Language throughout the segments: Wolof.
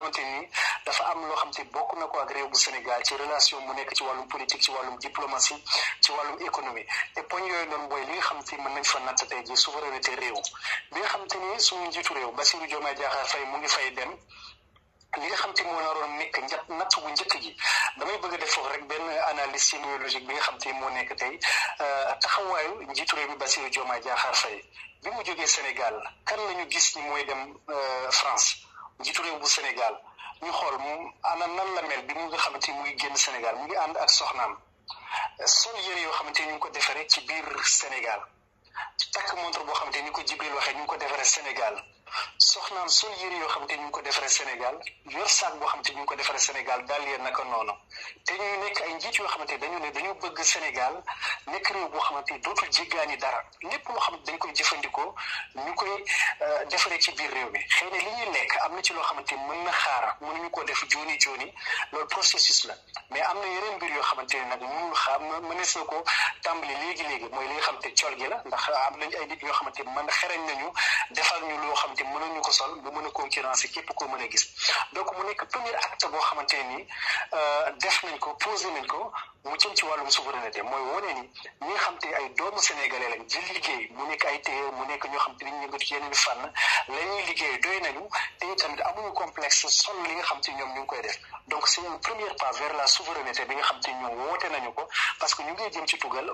xamante ni dafa am loo xam te bokk na ko ak réew bu Sénégal ci relation mu nekk ci wàllum politique ci wàllum diplomatie ci wàllum économie te poñ yooyu noonu mooy li nga xam te mën nañ fa natt tey ji souveraineté réew bi nga xam ni suñu njiitu réew Bassirou Diomaye Diakhar Faye mu ngi fay dem li nga xam te moo naroon nekk njat natt bu njëkk ji damay bëgg a def foofu rek benn analyse sémiologique bi nga xam te moo nekk tey euh, taxawaayu njiitu réew bi Bassirou Diomaye Diakhar Faye bi mu jógee Sénégal kan la ñu gis ni mooy dem euh, France jiitu réew bu Sénégal ñu xool ana nan la mel bi mu nga xamante ni mu génn Sénégal mu ngi ànd ak soxnaam sol yére yoo xamante ni ñu ngi ko defaree ci biir Sénégal takk montre boo xamante ni ko Jibril waxee ñu ngi ko defaree Sénégal. soxnaan sol yére yoo xam te ñu ngi ko defaree Sénégal yor saak boo xam te ñu ko defaree Sénégal daal yéen naka noonu te ñuy nekk ay njiit yoo xamante ne dañu ne dañu bëgg Sénégal nekk réew boo xamante ni dootul jéggaani dara lépp loo xam dañ koy jëfandikoo ñu koy euh, defaree ci biir réew bi xëy na li ñuy lekk am na ci loo xamante ni mën na xaar mënuñu ko def jooni jooni loolu processus la mais am na yeneen mbir yoo xamante ne nag mënul xaar mënees na ko tàmbali léegi-léegi mooy li nga xamante col gi la ndax am nañ ay nit yoo xamante mën xereñ nañu defal ñu loo xam xamante ko sol bu mën a concurrencer képp koo mën a gis donc mu nekk premier acte boo xamante ni euh, def nañ ko posé nañ ko mu ci wàllum souveraineté mooy wane ni xam te ay doomu sénégale lañ di liggéey mu nekk ay téye mu nekk ñoo xam te dañu yëngatu yeneen fànn la ñuy liggéey doy nañu te tamit amuñu complexe sol li nga xam te ñoom ñu ngi koy def donc c'est un premier pas vers la souveraineté bi nga xam te ñoom nañu ko parce que ñu ngi jëm ci tugal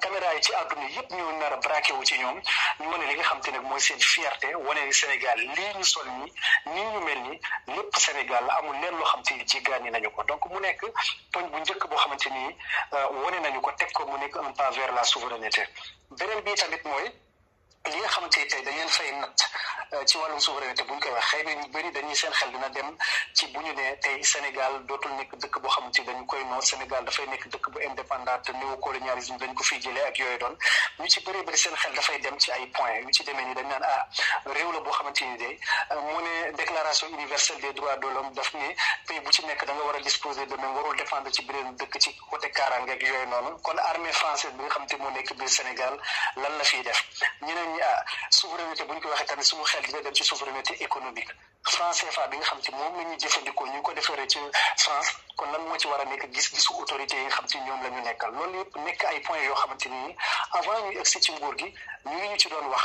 caméra yi ci àdduna yëpp ñu nar a braqué wu ci ñoom ñu wane li nga xam te nag mooy seen fierté wane Sénégal lii ñu sol nii nii ñu mel nii lépp Sénégal la amul leen loo xam te ni jéggaani nañu ko donc mu nekk poñ bu njëkk boo xamante ni euh, wane nañu ko teg ko mu nekk un pas vers la souveraineté beneen bi tamit mooy. li nga xamante ni tey dañ leen fay natt euh, ci wàllum souveraineté bu ñu koy wax xëy na ñu bëri dañuy seen xel dina dem ci bu ñu ne tey Sénégal dootul nekk dëkk boo xam ni dañu koy noonu Sénégal dafay nekk dëkk bu indépendant te néocolonialisme dañ ko fiy jëlee ak yooyu doon ñu ci bëri dafay dem ci ay ci demee ni dañ naan ah réew la boo xamante ni de euh, mu ne déclaration universelle des droits de l'homme daf ne pays bu ci nekk da nga war a disposer de même warul dépendre ci beneen dëkk ci côté kaaraange ak yooyu noonu kon armée française bi nga xamante moo nekk biir Sénégal lan la fiy def ñeneen ñuy souveraineté bu ñu ko waxee tamit suñu xel dina dem ci souveraineté économique franc CFA bi nga xam ci moom la ñuy jëfandikoo ñu ko defaree ci France kon lan moo ci war a nekk gis-gisu autorité yi nga xam ci ñoom la ñu nekkal loolu yëpp nekk ay points yoo xamante ni avant ñu egsi ci nguur gi ñu ngi ñu ci doon wax.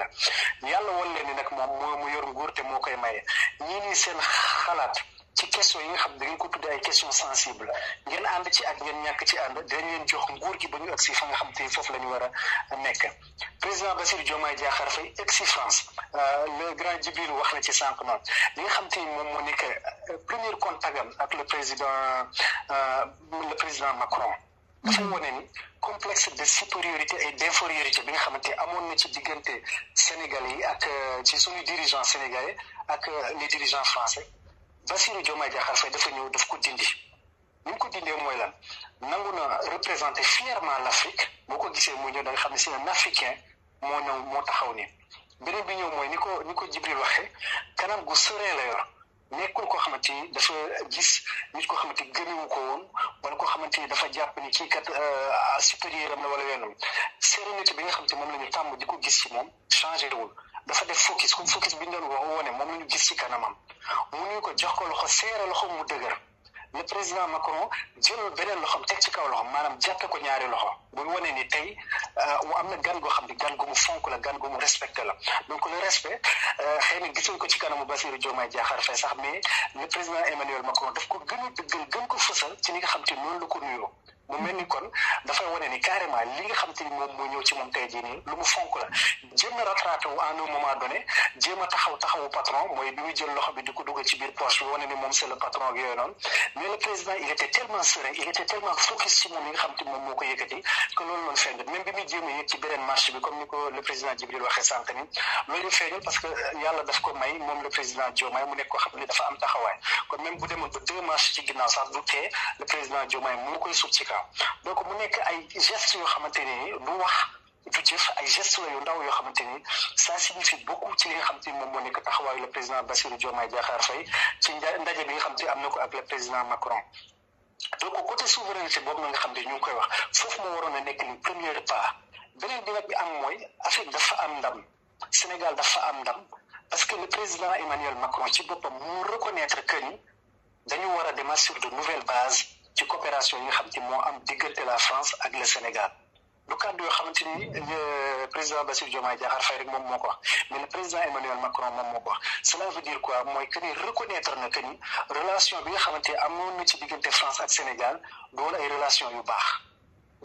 la yàlla wan leen ni nag moom moo mu yor nguur te moo koy maye ñii nii seen xalaat ci question yi nga xam ne dañ ko tuddee question sensible ngeen ànd ci ak ngeen ñàkk ci ànd dañ leen jox nguur gi ba ñu agsi fa nga xam te foofu la ñu war a nekk président Bassirou Diomaye Diakhar Faye agsi France euh, le grand Djibril wax na ci sànq noonu li nga xam te moom moo nekk euh, premier contact am ak le président euh, le président Macron parce que wane ni complexe de supériorité et d' infériorité bi nga xamante amoon na ci diggante sénégalais yi ak euh, ci suñu dirigeant sénégalais ak euh, les dirigeants français Bassirou Diomaye Diakhar Faye dafa ñëw daf ko dindi ni ko dindee mooy lan nangu na représenter fièrement l' Afrique boo ko gisee mu ñëw da nga xam ne c'est un africain moo ñëw moo taxaw nii beneen bi ñëw mooy ni ko ni ko Jibril waxee kanam gu serein la yor nekkul koo xamante ni dafa gis nit ko xamati ni gëmewu ko woon wala koo xamante ni dafa jàpp ni kii kat euh, supérieur am la wala yoonam sérénité bi nga xamante moom la ñu tàmm di ko gis ci moom changer wul dafa def focus comme focus bi ñu doon wone moom la ñu gis ci kanamam mu nuyu ko jox ko loxo seere loxo mu dëgër. le président Macron jël beneen loxoom teg ci kaw loxo maanaam jàppe ko ñaari loxo buy wane nii tey euh, mu am na gan goo xam ne gan gu mu fonk la gan gu mu respecté la donc le respect euh, xëy na gisuñ ko ci kanamu Bassirou Diomaye Diakhar fay sax mais le président Emmanuel Macron def ko gën a dëggal gën ko fësal ci li nga xam te noonu la ko nuyoo mu mel ni kon dafay wane ni carrément li nga xam te moom moo ñëw ci moom tey jii nii lu mu fonk la jéem a rattrapé wu à un moment donné jéem a taxaw taxawu patron mooy bi muy jël loxo bi di ko dugal ci biir poche wane ni moom c'est le patron ak yooyu noonu mais bi muy jéem a ci beneen marché bi comme ni ko le président Djibril waxee sànq ni loolu feeñul parce que yàlla daf ko may moom le président Diomaye mu nekk koo xam ne dafa am taxawaay kon même non donc mu nekk ay gestes yoo xamante ne du wax du jëf ay gestes la yu ndaw yoo xamante ni sa signifie beaucoup ci li nga xam te moom moo nekk taxawaayu le président Bassirou Diomaye Diakhar fay ci ndaje bi nga xam te am na ko ak le président Macron. donc côté souveraineté boobu na nga xam ne ñu koy wax foofu moo waroon a nekk ni premier pas beneen bi nag bi am mooy Afrique dafa am ndam Sénégal dafa am ndam parce que le président Emmanuel Macron ci boppam mu reconnaître que ni dañu war a démarrer sur de nouvelles bases. ci coopération yi nga xam te moo am diggante la France ak le Sénégal du kàddu yoo xamante ni euh, président Bassirou Diomaye Diakhar Faye rek moom moo ko wax mais le président Emmanuel Macron moom moo ko cela veut dire quoi mooy que ni reconnaître na que ni relation bi nga xamante amoon na ci diggante France ak Sénégal du woon ay relation yu baax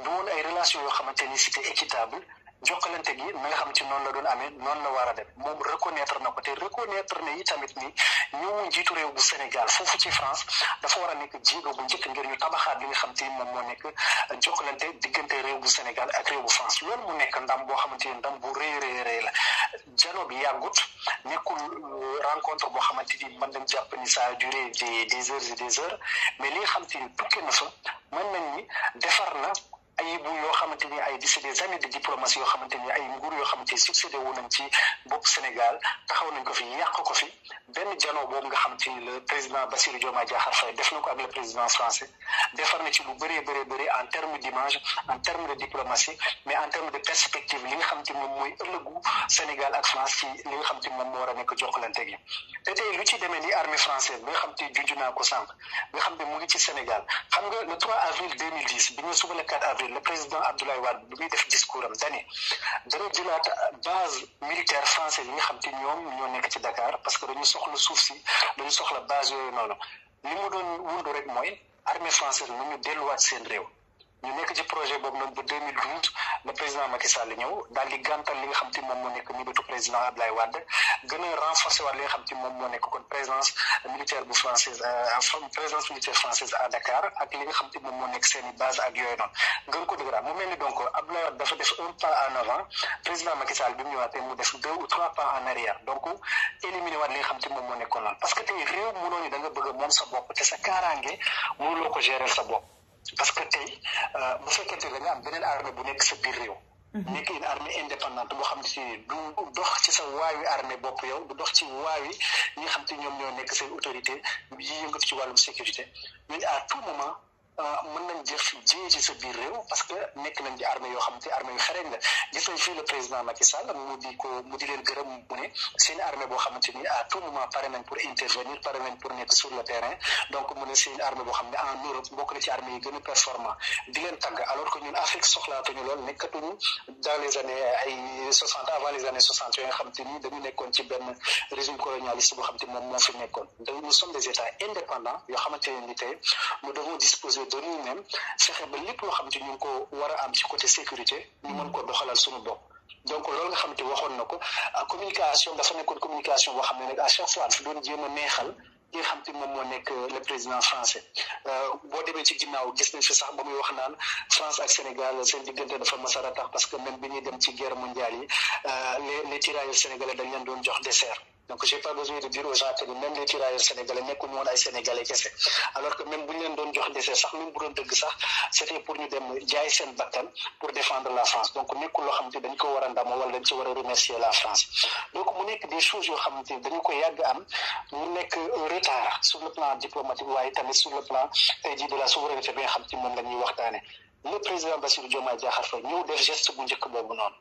du woon ay relation yoo xamante ni c'était équitable jokkalante gi na nga xam ci noonu la doon amee noonu la war a dem moom reconnaître na ko te reconnaître na yi tamit nii ñëw njiitu réew bu Sénégal foofu ci France dafa war a nekk jéego bu njëkk ngir ñu tabaxaat li nga xam te ni moom moo nekk jokkalante diggante réew bu Sénégal ak réew bu France loolu mu nekk ndam boo xamante ni ndam bu rëy rëy la jano bi yàggut nekkul euh, rencontre boo xamante ni mën nañ jàpp ni ça a duré des des heures et des heures mais li nga xam te ni tukkee na so mën nañ ni defar na ay bu yoo xamante ni ay c'est des années de diplomatie yoo xamante ni ay nguur xamante ni succédé wu nañ ci bopp Sénégal taxaw nañ ko fi yàq ko fi benn janoo boobu nga xamante ni le président Bassirou Diomaye Diakhar Faye def na ko ak le président français defar na ci lu bëree bëree bëri en terme d'image en terme de diplomatie mais en terme de perspective li nga xamante ni moom mooy ëllëgu Sénégal ak France ci li nga xamante ni moom moo gi te ci demee ni armée française bi nga xamante ne mu ngi ci Sénégal xam nga le 3 avril bi ñu suba le 4 avril le président Abdoulaye Wade bi def discours te base militaire français yi nga xam te ñoom ñoo nekk ci Dakar parce que dañu soxla suuf si dañu soxla base yooyu noonu li mu doon wundu rek mooy armée française nu ñu delluwaat seen réew ñu nekk ci projet boobu noonu ba 2012 le président Macky Sall ñëw daal di gàntal li nga xam te moom moo nekk mébétu président Abdoulaye Wade gën a renforcer waat li xam te moom moo nekk kon présence militaire bu française euh, présence militaire française à nga xam te nekk seen i base ko dëgëraat mu mel ni donc Abdoulaye Wade dafa def un pas en avant président trois pas en arrière donc éliminer waat li xam te moom moo nekkoon noonu parce que tey réew mënoo ni da nga bëgg a moom sa bopp te sa kaaraange mënuloo ko gérer sa bopp beneen armée bu nekk sa biir réew. Mhm. nekk une armée indépendante boo xam si du dox ci sa waawi armée bopp yow du dox ci waawi ñi xam ci ñoom ñoo nekk seen autorité yi yëngatu ci wàllum sécurité ñun à tout moment. Euh, mën nañ jëf jiyee ci sa biir réew parce que nekk nañ di armée yoo xam te armée yu xereñ la gis nañ fii le président Macky Sall mu di ko mu di leen gërëm mu mu ne seen armée boo xam ne en Europe bokk na ci armée yi gën a performant di leen tàgg alors que ñun Afrique soxlaatuñu lool nekkatuñu dans les années ay soixante avant les années soixante xam te ni dañu nekkoon ci benn régime colonialiste boo xam te moom moo fi nekkoon donc nous des états dañuy nem fexe ba lépp loo xam te ñu ngi ko war a am ci côté sécurité ñu mën ko doxalal suñu bopp donc loolu nga xam te waxoon na ko ah, communication dafa nekkoon communication boo xam ne nag à chaque fois dafa doon jéem a neexal nga xam moo nekk euh, le président euh, boo demee ci ginnaaw gis nañ fi sax ba muy wax naan France ak Sénégal seen diggante dafa a tax parce que même bi ñuy dem ci guerre mondiale yi euh, les les tirailleurs sénégalais dañ leen doon jox dessert donc j'ai pas besoin de dire ni même les tirailleurs sénégalais nekkuñu ay sénégalais kese alors que même bu ñu leen doon jox dese sax même bu doon dëgg sax c'était pour ñu dem jaay seen bakkan pour défendre la France donc nekkul loo xamante dañ a a remercier la France donc mu dañu ko yàgg am mu nekk un retard le plan diplomatique waaye tamit sur le plan tey jii de la souveraineté bi nga xam ci moom la ñuy waxtaane le président Bassirou Diomaye Diakhar Faye ñëw def geste bu njëkk boobu noonu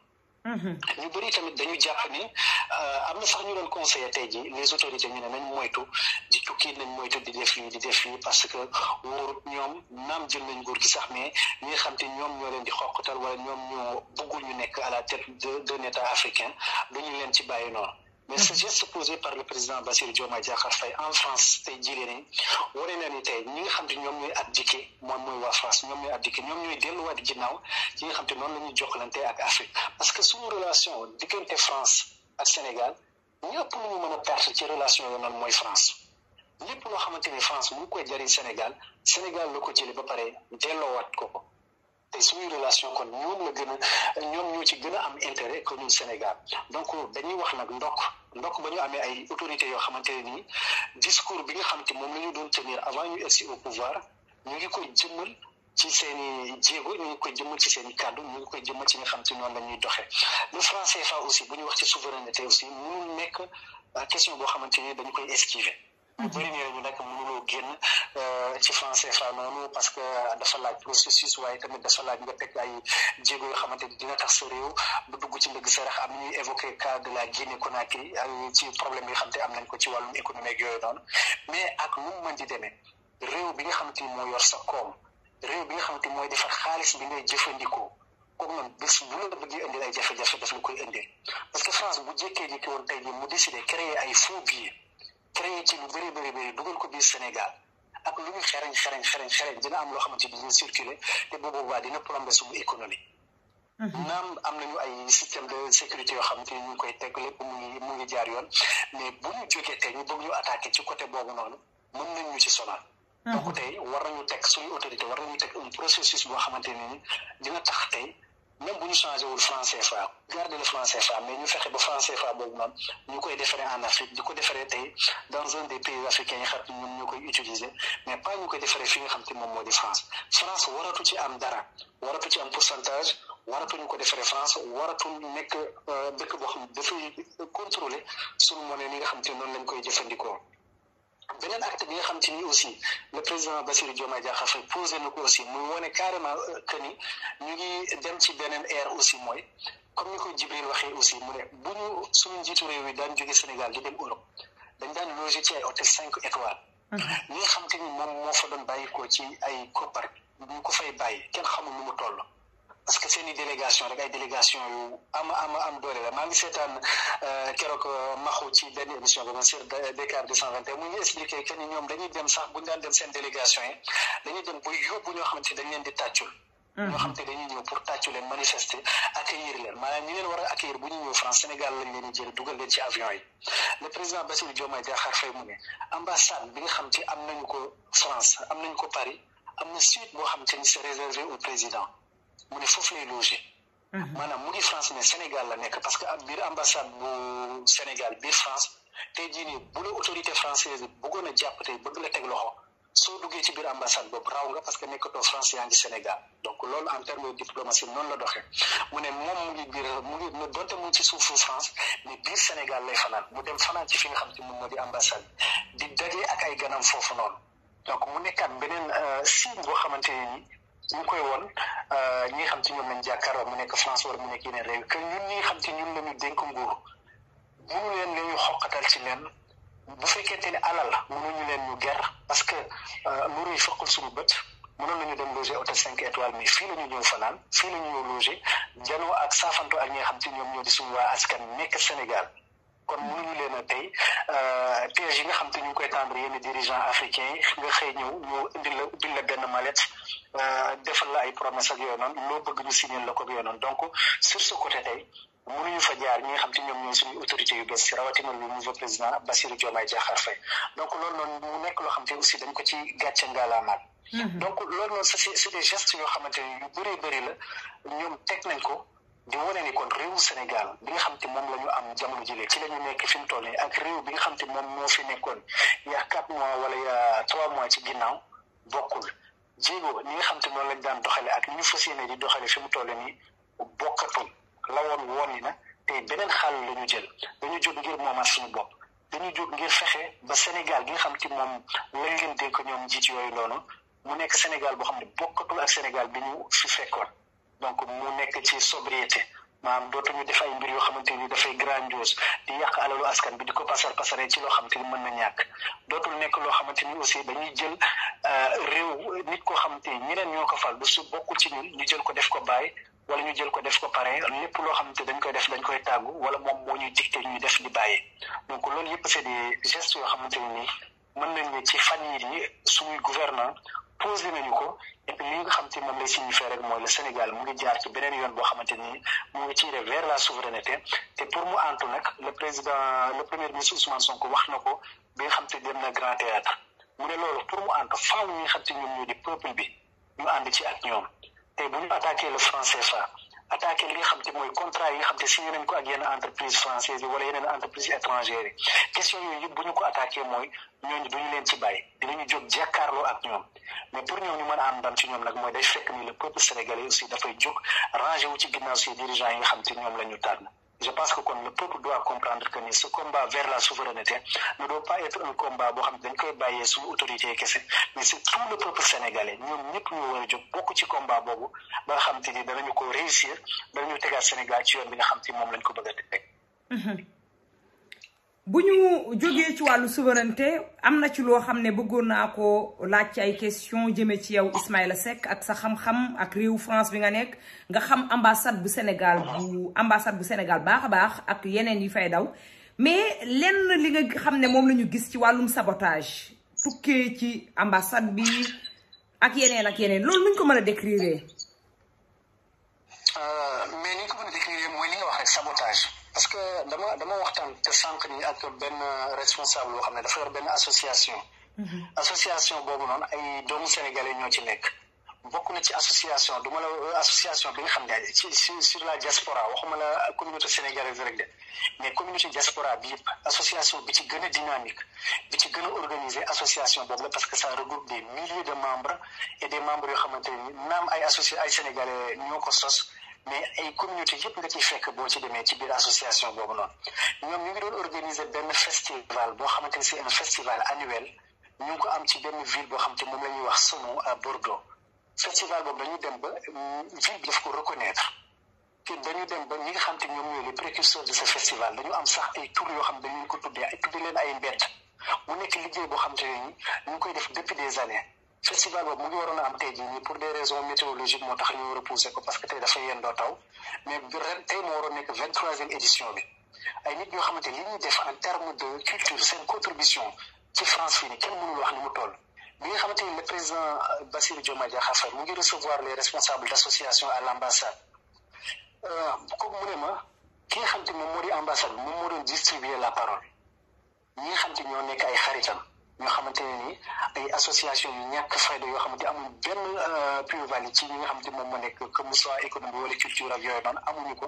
Mhm. Ah, ñu bëri tamit dañu jàpp ni euh, am na sax ñu doon conseillé tey ji les autorités ñu ne nañ moytu di tukki nañ moytu di def lii di def lii parce que nguur ñoom naam jël nañ nguur gi sax mais ñi nga xam te ñoom ñoo leen di xoqatal wala ñoom ñoo bëggul ñu nekk à la tête d'un état africain duñu leen ci bàyyi noonu mais ce geste posé par le président Bassirou Diomaye Diakhar Faye en France tey jii nii wane na ni tey ñi nga xam te ñoom ñooy abdiqué moom mooy waa France ñoom ñooy abdiqué ñoom ñooy delluwaat ginnaaw ci nga xam te noonu la ñuy jokkalante ak Afrique parce que suñu relation diggante France ak Sénégal ñëpp lu ñu mën a perte ci relation yo noonu mooy France lépp loo xamante ni France mu ngi koy jëriñ Sénégal Sénégal loo ko jëlee ba pare delloowaat ko. te suñu relation kon moom la gën a ñoom ñoo ci gën a am intérêt que ñun Sénégal donc dañuy wax nag ndokk ndokk ba ñu amee ay autorités yoo xamante ne nii discours bi nga xam te moom la ñu doon tenir avant ñu egsi au pouvoir ko jëmmal ci seen i jéego ngi koy jëmmal ci seen i kàddu ñu koy jëmmal ci nga xam te noonu la ñuy doxee le franc CFA aussi bu ñu wax ci souveraineté aussi mënul nekk euh, question boo xamante ni dañu koy esquiver. Mm-hmm. bëri ñu nekk mënul génn euh, ci français fa noonu parce que dafa laaj processus waaye tamit dafa laaj nga teg ay jéego yoo xamante ni dina tax sa réew bu dugg ci ndëgg sarax am ñuy évoqué cas de la Guinée Conakry ci problème yi xam te am nañ ko ci wàllum économique yooyu noonu mais ak nu mu mën di demee réew bi nga xamante ni moo yor sa koom réew bi nga xamante ni mooy defar xaalis bi ngay jëfandikoo kooku man bés bu la bëggee indil ay jafe-jafe daf la koy indil parce que France bu jékkee jékki woon tey jii mu décidé créer ay créé ci lu bëri bëri bëri dugal ko biir Sénégal ak lu ñu xereñ xereñ xereñ xereñ dina am loo xamante ni dina circuler te bu boobaa dina plombé suñu économie. Mm-hmm. naam am nañu ay système de sécurité yoo xam te ñu ngi koy teg lépp mu ngi mu ngi jaar yoon mais bu ñu jógee tey ñu bëgg ñu attaqué ci côté boobu noonu mën nañ ñu ci sonal. Mm-hmm. donc tey war nañu teg suñu autorité war nañu teg un processus boo xamante ne ni dina tax tey. même bu ñu changé wul franc CFA garder le franc CFA mais ñu fexe ba franc CFA boobu noonu ñu koy defaree en Afrique di ko defaree tey dans un des pays africains yi xam ñoom ñoo koy utiliser mais pas ñu koy defaree fi nga xam te moom moo di France France waratu ci am dara waratu ci am pourcentage waratuñu ko defaree France waratu nekk euh, dëkk boo xam dafay contrôler suñu monnaie ni nga xam te noonu lañ koy jëfandikoo. beneen acte bi nga xam ci ni aussi le président Bassirou Diomaye Diakhar Faye posé na ko aussi muy wone carrément euh, que ni ñu ngi dem ci beneen air aussi mooy comme ni ko Jibril waxee aussi mu ne bu ñu suñu njiitu réew yi daan jóge Sénégal di dem Europe dañ daan logé ci ay hôtel cinq étoiles ñi mm-hmm. nga xam te ni moom moo fa doon bàyyi ci ay koppar ñu ko fay bàyyi kenn xamul nu mu toll parce que seen i délégation rek ay délégation yu am am am doole la maa ngi seetaan euh, keroog euh, maxu ci benn émission bi man sur euh, Dakar 221 mu ngi expliqué que ni ñoom dañuy dem sax bu ñu daan dem seen délégation yi dañuy dem ba ñoo xamante ne dañ leen di tàccul mm-hmm. ñoo xam te dañuy ñëw pour tàccu leen manifester accueillir leen maanaam ñi leen war a accueillir bu ñu ñëw France Sénégal lañ leen di jël dugal leen ci avion yi le président Bassirou Diomaye Diakhar Faye mu ne ambassade bi nga xam ci am nañu ko France am nañu ko Paris am na suite boo xam te ni c'est réservé au président mu ne foofu lay logé. Mhm. maanaam mu ngi France mais Sénégal la nekk parce que biir ambassade bu Sénégal biir France tey jii nii bu la autorité française bëggoon a jàpp tey bëgg la teg loxo soo duggee ci biir ambassade boobu raw nga parce que nekkatoo France yaa ngi Sénégal donc loolu en terme de diplomatie noonu la doxee mu ne moom mu ngi biir mu ngi mu donte mu ngi ci suufu France mais biir Sénégal lay fanaan mu dem fanaan ci fi nga xam te moom moo di ambassade di dajee ak ay ganam foofu noonu donc ñu koy woon euh, ñi nga xam ci ñoom lañ jàkkaarloo mu nekk France wala mu nekk yeneen réew que ñun ñi nga xam ci ñun la ñu dénk nguur mënu leen la ñu xoqatal ci leen bu fekkente ne alal ñu leen ñu ger parce que loolu euh, yi fekkul suñu bët mënoon nañu dem loger auto cinq étoiles mais fii la ñu ñëw fanaan fii la ñu ñëw loger ak saafanto ak ñi xam ci ñoom ñoo di suñu waa askan nekk Sénégal kon mënuñu leen a tey euh, piège yi nga xam te ñu ngi koy tendre yenn dirigeant africain nga xëy ñëw ñu indil la indil la benn mallette euh, defal la ay promesse ak yooyu noonu loo bëgg ñu signer la ko ak yooyu noonu donc sur ce côté tey mënuñu fa jaar ñi xam te ñoom ñooy suñu autorité yu bees si rawatina le nouveau président Bassirou Diomaye Diakhar Faye donc loolu noonu mu nekk loo xam te aussi dañ ko ci gàcce ngaalaamaat mm-hmm. donc loolu noonu c'est des gestes yoo xamante ne yu bëree bëri la ñoom teg ko di wane ni kon réewu Sénégal bi nga xam te moom la ñu am jamono jëlee ci la ñu nekk fi mu toll nii ak réew bi nga xam te moom moo fi nekkoon yaa quatre mois wala yaa trois mois ci ginnaaw bokkul jéego ni nga xam te moom lañ daan doxale ak ni ñu fas yéene di doxale fi mu toll nii bokkatul lawoon woon ni na tey beneen xaal la ñu jël dañu jóg ngir moomaat suñu bopp dañu jóg ngir fexe ba Sénégal gi nga xam te moom lañ leen ñoom njiit yooyu noonu mu nekk Sénégal boo xam ne bokkatul ak Sénégal bi ñu fi fekkoon donc mu nekk ci sobriété maanaam ñu def ay mbir yoo xamante ni dafay grandiose di yàq alalu askan bi di ko pasar pasaree ci loo xamante ni mën na ñàkk dootul nekk loo xamante ni aussi dañuy jël euh, réew nit koo xamante ni ñeneen ñoo ko fal su bokkul ci ñun ñu jël ko def ko bàyyi wala ñu jël ko def ko pare lépp loo xamante dañ koy def dañ koy tàggu wala moom moo ñuy dicté ñuy def di bàyyi donc loolu yëpp c'est des yoo xamante ni mën nañ ne ci fan yii suñuy gouvernant pose nañu ko li nga xam ni moom lay signifier rek mooy le Sénégal mu ngi jaar ci beneen yoon boo xamante ni mu ngi tiré vers la souveraineté te pour mu antu nag le président le premier ministre Ousmane Sonko wax na ko bi xam xamante dem na Grand Théâtre mu ne loolu pour mu antu faaw ñi nga xamante ñoom ñoo di peuple bi ñu ànd ci ak ñoom te bu ñu attaqué le franc CFA attaqué li nga xam te mooy contrat yi nga xam te signé nañ ko ak yenn entreprise française yi wala yeneen entreprise étrangère yi question yooyu yëpp bu ñu ko attaqué mooy ñooñu duñu leen ci bàyyi dinañu jóg jàkkaarloo ak ñoom mais pour ñoom ñu mën a am ndam ci ñoom nag mooy day fekk ni le peuple sénégalais aussi dafay jóg rangé wu ci ginnaaw si dirigeants yi nga xam te ñoom la ñu tànn je pense que kon le peuple doit comprendre que ni su combat vers la souveraineté ne doit pas être combat boo xam ne dañ koy bàyyee su autorité kese mais c'est tout le peuple sénégalais ñoom ñëpp ñu war a jóg bokk ci combat boobu ba nga xam te ni danañu ko réussir ñu tegaat Sénégal ci yoon bi nga xam te moom lañ ko bëgg a teg mhm. bu ñu jógee ci wàllu souveraineté am na ci loo xam ne bëggoon naa ko laaj ci ay question jëmee ci yow Ismaïla Seck ak sa xam-xam ak réew France bi nga nekk nga xam ambassade bu Sénégal bu ambassade bu Sénégal baax a baax ak yeneen yi fay daw mais lenn li nga xam ne moom la ñu gis ci wàllum sabotage tukkee ci ambassade bi ak yeneen ak yeneen loolu nuñ ko mën a décrire euh, mais li nga wax rek sabotage parce que dama dama waxtaan te sànq nii ak benn responsable boo xam ne dafa yor benn association. Mm-hmm. association boobu noonu ay doomu sénégalais ñoo ci nekk. bokk na ci association du ma la euh, association bi nga xam ne ci sur la diaspora waxuma la communauté sénégalaise rek de mais communauté diaspora bi yëpp association bi ci gën a dynamique bi ci gën a organisé association boobu la parce que ça regroupe des milliers de membres et des membres yoo xamante ni naam ay associé ay sénégalais ñoo ko sos. mais ay communauté yëpp nga ciy fekk boo ci demee ci biir association boobu noonu ñoom ñu ngi doon organiser benn festival boo xamante ne c'est un festival annuel ñu ngi ko am ci benn ville boo xam xamante moom la ñu wax Sonu à Bordeaux festival boobu dañu dem ba euh, ville bi daf ko reconnaître te dañu dem ba ñi nga xam te ñoom ñooy les précurseurs de ce festival dañu am sax ay tour yoo xam dañu ko tuddee ay tuddee leen ay mbett mu nekk liggéey boo xam te ne ñu ngi koy def depuis des années festival boobu mu ngi waroon a am tey jii nii pour des raisons météorologiques moo tax ñu repousser ko parce que tey dafa yendoo taw mais ren tey moo waroon nekk vingt troisième édition bi ay nit ñoo xamante li ñuy def en terme de culture seen contribution ci France fii nii kenn mënul wax ni mu toll bi nga xamante ni le président euh, Bassirou Diomaye Diakhar Faye mu ngi recevoir les responsables d'association à l'ambassade euh, kooku mu ne ma ki nga xamante moom moo di ambassade moom moo doon distribuer la parole ñi nga xamante ñoo nekk ay xaritam ñoo xamante ne ni ay association yu ñàkk fayda yoo xamante amul benn euh, plus-value ci ñi nga xamante moom moo nekk que mu soit économie wala culture amuñu ko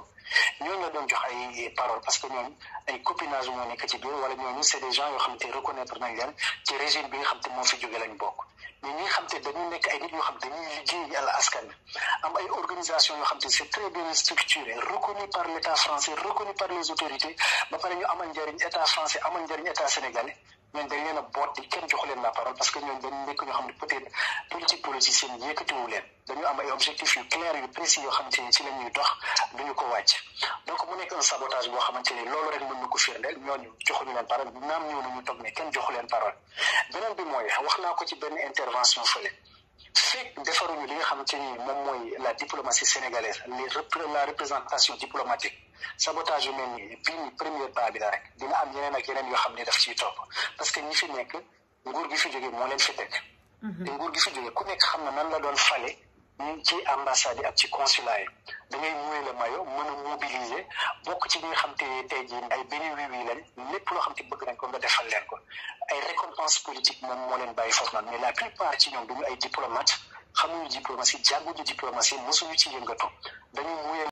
ñooñu la jox ay parole parce que ñoom ay copinage moo nekk ci biir wala ñooñu c'est des gens yoo xamante reconnaître nañ leen ci régime bi nga xamante moo fi jóge lañ bokk mais ñi nga dañu nekk ay nit yoo xam dañuy liggéey yàlla askan am ay organisation yoo xam te c'est très bien structuré reconnu par l'état français reconnu par les autorités ba pare ñu amal njariñ état français amal njëriñ état ñooñu dañ leen a boot di kenn joxu leen la parole parce que ñooñu dañ nekk xam ne peut-être politique politicienne yëkkatiwu leen dañu am ay objectifs yu clair yu précis yoo xamante ni ci la ñuy ko wàcc donc mu nekk un sabotage boo xamante ni loolu rek ko firndeel ñooñu joxuñu leen parole kenn joxu leen parole beneen bi mooy wax naa ko ci benn intervention fële fekk defaruñu li nga xamante ni moom mooy la diplomatie sénégalaise les la représentation diplomatique sabotage yu mel nii bii nii premier pas bi la rek dina am yeneen ak yeneen yoo xam ne daf ciy topp parce que ñi fi nekk nguur gi fi jógee moo leen fi teg. Mhm. te nguur gi fi jógee ku nekk xam na nan la doon fale ci ambassade yi ak ci consulat yi da ngay muye la mayo mën a mobiliser bokk ci ñi nga xam te tey jii ay benn wii wii lañ lépp loo xam te bëgg nañ ko nga defal leen ko ay récompense politique moom moo leen bàyyi foofu noonu mais la plupart ci ñoom duñu ay diplomate xamuñu diplomatie jànguñu diplomatie mosuñu ci yëngatu dañu muye